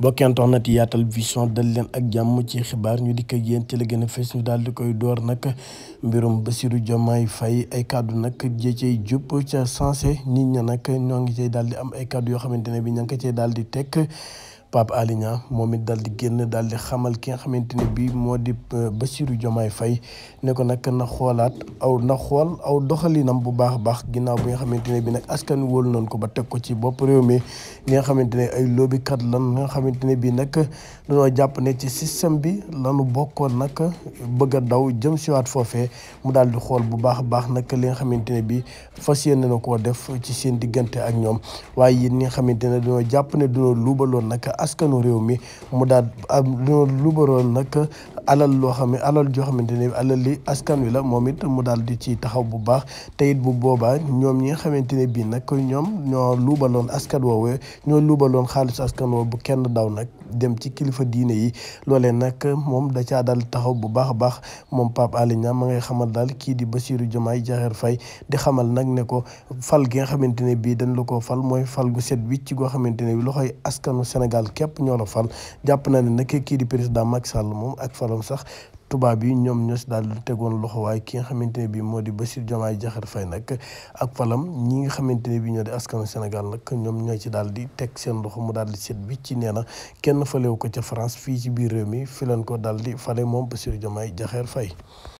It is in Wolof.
bokkentoxnat yaatal vision dal leen ak jàmm ci xibaar ñu dikk ak yéen ci la gën a fes ñu daal di koy door nag mbirum Bassirou Diomaye fay ay kàddu nag jë cay jub ca sensé nit ña nag ñoo ngi cay daal di am ay kàddu yoo xamante ne bi ña ngi ko cay daal di tekk Pape Alé Niang moom it daal di génn daal xamal ki nga xamante ne bii moo di euh, Bassirou Diomaye fay ne ko nag na xoolaat aw na xool aw doxalinam bu baax a baax ginnaaw bi nga xamante ne bii nag askan wi wóolu noonu ko ba teg ko ci bopp réew mi nga xamante ne ay loobikat lan nga xamante ne bii nag dañoo jàpp ne ci système bi lanu bokkoon nag bëgg a daw jëm siwaat foofe mu daal di xool bu baax a baax nag li nga xamante ne bii fas yéene na koo def ci seen diggante ak ñoom waaye yéen ñi nga xamante ne dañoo jàpp luubaloon nag askanu réew mi mu daal lu baroon nag alal loo xam ne alal joo xamante ne alal li askan wi la moom it mu daal di ci taxaw bu baax te it bu boobaa ñoom ñi nga xamante ne bii nag ñoom ñoo luubaloon askan woowee ñoo luubaloon xaalis askan woowu bu kenn daw nag dem ci kilifa diine yi loolee nag moom da caa daal taxaw bu baax a baax moom Pape Alé Niang ma ngay xamal daal kii di Bassirou Diomaye Diakhar fay di xamal nag ne ko fal gi nga xamante ne bii dañ la ko fal mooy fal gu set wicc goo xamante ne loxoy askanu Sénégal képp ñoo la fal jàpp na ne nag kii di président Macky Sall moom ak falam sax tubaab yi ñoom ñoo si daal di tegoon loxo waaye ki nga xamante ne bii moo di Bassirou Diomaye Diakhar Faye nag ak falam ñi nga xamante ne bii ñoo di askanu Sénégal nag ñoom ñoo ci daal di teg seen loxo mu daal di set bi ci nee na kenn falewu ko ca France fii ci biir réew mi fi leen ko daal di fale moom Bassirou Diomaye Diakhar fay